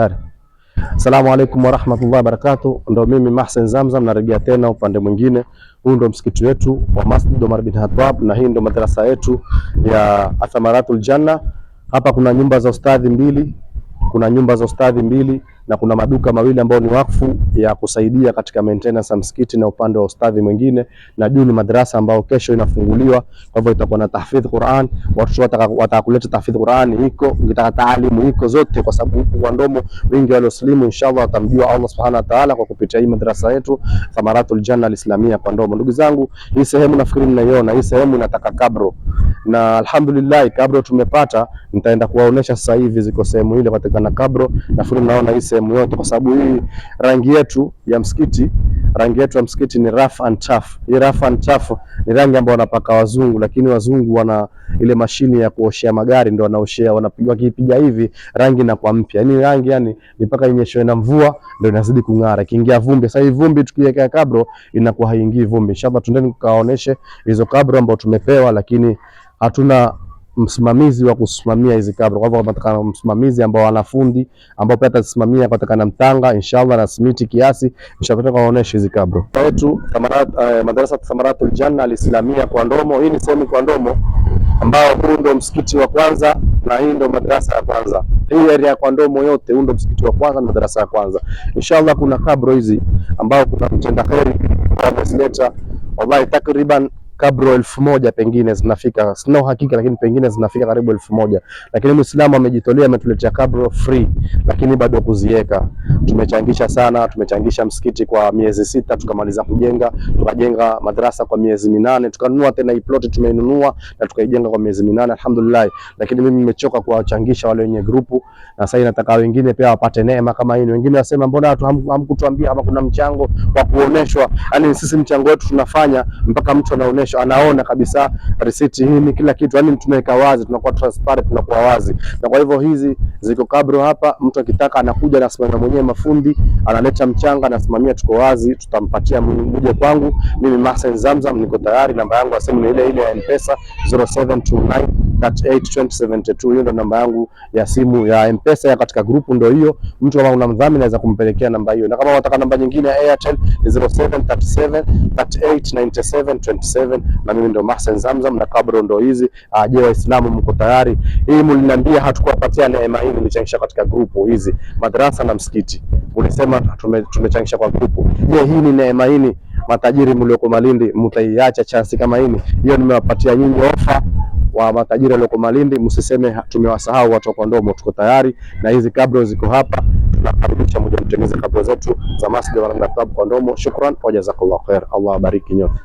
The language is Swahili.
alaikum Asalamu alaykum warahmatullahi wabarakatuh. Ndo mimi Mahsen Zamzam narejea tena upande mwingine. Huu ndo msikiti wetu wa Masjid Omar bin Khattab na hii ndo madrasa yetu ya Athamaratul Janna. Hapa kuna nyumba za ustadhi mbili, kuna nyumba za ustadhi mbili na kuna maduka mawili ambayo ni wakfu ya kusaidia katika maintenance ya msikiti na upande wa ustadhi mwingine, na juu ni madrasa ambayo kesho inafunguliwa. Kwa hivyo itakuwa na tahfidh Qur'an, watu watakuleta tahfidh Qur'an iko, ngitaka taalimu iko zote, kwa sababu huku wandomo wengi walioslimu inshallah watamjua Allah subhanahu wa ta'ala kwa kupitia hii madrasa yetu Thamaratul Janna Alislamia kwa ndomo. Ndugu zangu, hii sehemu nafikiri mnaiona hii sehemu inataka kabro, na alhamdulillah kabro tumepata, nitaenda kuwaonesha sasa hivi ziko sehemu ile patikana kabro, nafikiri mnaona hii sehemu yote, kwa sababu hii rangi yetu ya msikiti, rangi yetu ya msikiti ni rough and tough. Hii rough and tough ni rangi ambayo wanapaka wazungu, lakini wazungu wana ile mashine ya kuoshea magari, ndio wanaoshea, wakipiga hivi rangi inakuwa mpya. Yani rangi yani ni mpaka inyeshe na mvua ndio inazidi kung'ara, ikiingia vumbi. Sasa hii vumbi tukiweka kabro inakuwa haingii vumbi. Inshallah, tuendeni kukaoneshe hizo kabro ambazo tumepewa, lakini hatuna msimamizi wa kusimamia hizi kabla. Kwa hivyo nataka msimamizi ambao ana fundi ambao pia atasimamia katika na mtanga inshallah na simiti kiasi inshallah tukaonesha hizi kabla wetu Samarat, eh, madrasa Samaratul Janna Alislamia kwa Ndomo. Hii ni sehemu kwa Ndomo ambao huu ndo msikiti wa kwanza na hii ndo madrasa ya kwanza. Hii area kwa ndomo yote huu ndo msikiti wa kwanza na madrasa ya kwanza. Inshallah kuna kabro hizi ambao kuna mtenda kwa amezileta wallahi takriban kabro elfu moja pengine zinafika, sina uhakika, lakini pengine zinafika karibu elfu moja lakini Muislamu amejitolea ametuletea kabro free, lakini bado kuziweka tumechangisha sana, tumechangisha msikiti kwa miezi sita, tukamaliza kujenga, tukajenga madrasa kwa miezi minane, tukanunua tena hii plot, tumeinunua na tukaijenga kwa miezi minane, alhamdulillah. Lakini mimi nimechoka kuwachangisha wale wenye grupu, na sasa nataka wengine pia wapate neema kama hii. Wengine wasema mbona watu hamkutuambia hapa kuna mchango wa kuoneshwa? Yani sisi mchango wetu tunafanya mpaka mtu anaonesha, anaona kabisa receipt hii, ni kila kitu, yani tumeweka wazi, tunakuwa transparent, tunakuwa wazi. Na kwa hivyo hizi ziko kabro hapa, mtu akitaka anakuja na simama mwenyewe mafundi, analeta mchanga, anasimamia, tuko wazi, tutampatia mmoja. Kwangu mimi Masen Zamzam, niko tayari. Namba yangu ya simu ni ile ile ya Mpesa 0729 382072 hiyo ndo namba yangu ya simu ya Mpesa ya katika grupu ndo hiyo. Mtu kama una mdhamini anaweza kumpelekea namba hiyo, na kama unataka namba nyingine ya Airtel ni 0737389727 na mimi ndo Mahsen Zamzam na kabro ndo hizi. Ah, je, Waislamu mko tayari? Hii mliniambia hatukuwapatia neema hii, nilichangisha katika grupu hizi madrasa na msikiti, mlisema tumechangisha kwa grupu. Je, hii ni neema hii? Matajiri mlioko Malindi mtaiacha chansi kama hii? Hiyo nimewapatia nyinyi ofa wa matajiri walioko Malindi, msiseme tumewasahau watu wa Kondomo. Tuko tayari na hizi kabro ziko hapa, tunakaribisha moja mtengeze kabro zetu za Masjid Walanda Club Kondomo. Shukran wa jazakallahu khair, Allah abariki nyote.